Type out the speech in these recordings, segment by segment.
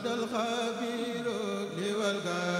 wadal xabiru liwal ga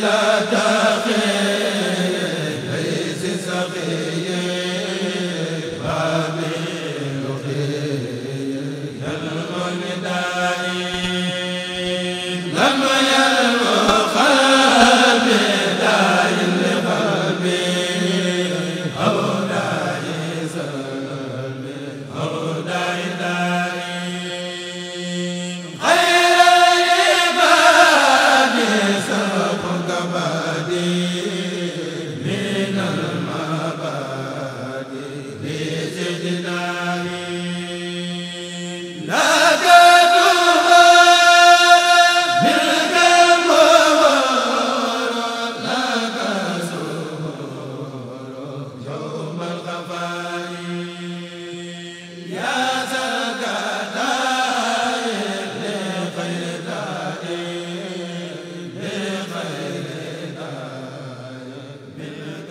لا تخي ليس سخي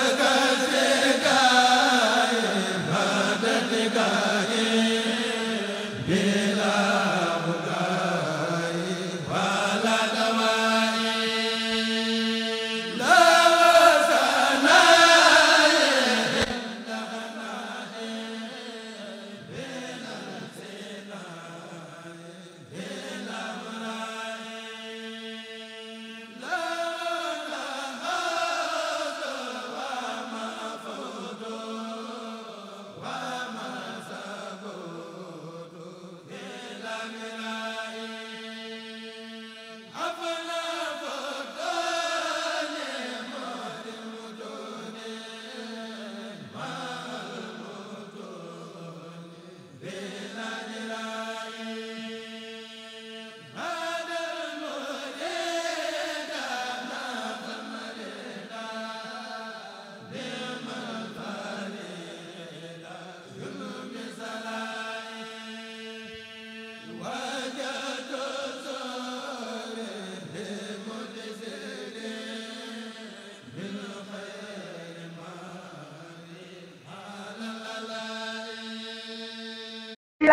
ka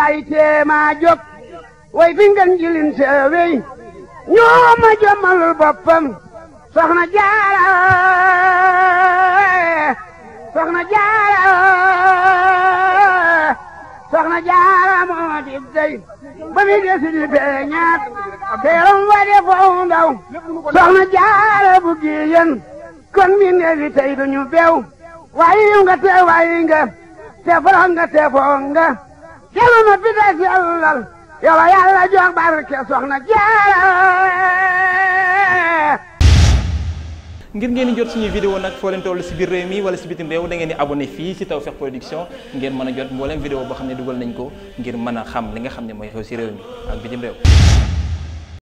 ay teema jóg way fi ngeen jilin seewey ñoo ma jommalul boppam soxna jaara soxna jaara moo di dey ba mi desi di beeñaat teeram wa de foofu soxna jaara bu giyen kon mi neefi tey duñu beew waayi nga te waayi nga te foro nga te foo nga yàlla na fi des yàllal yow yàlla jox ngir ngeen jot suñuy vidéo nag foo leen toll si biir réew mi wala si bitim réew da ngeen di abonné fii taw Tawfekh Production ngeen mën a jot mbooleem vidéo boo xam ne dugal nañ ko ngir mën a xam li nga xam ne mooy xew si réew mi ak bitim réew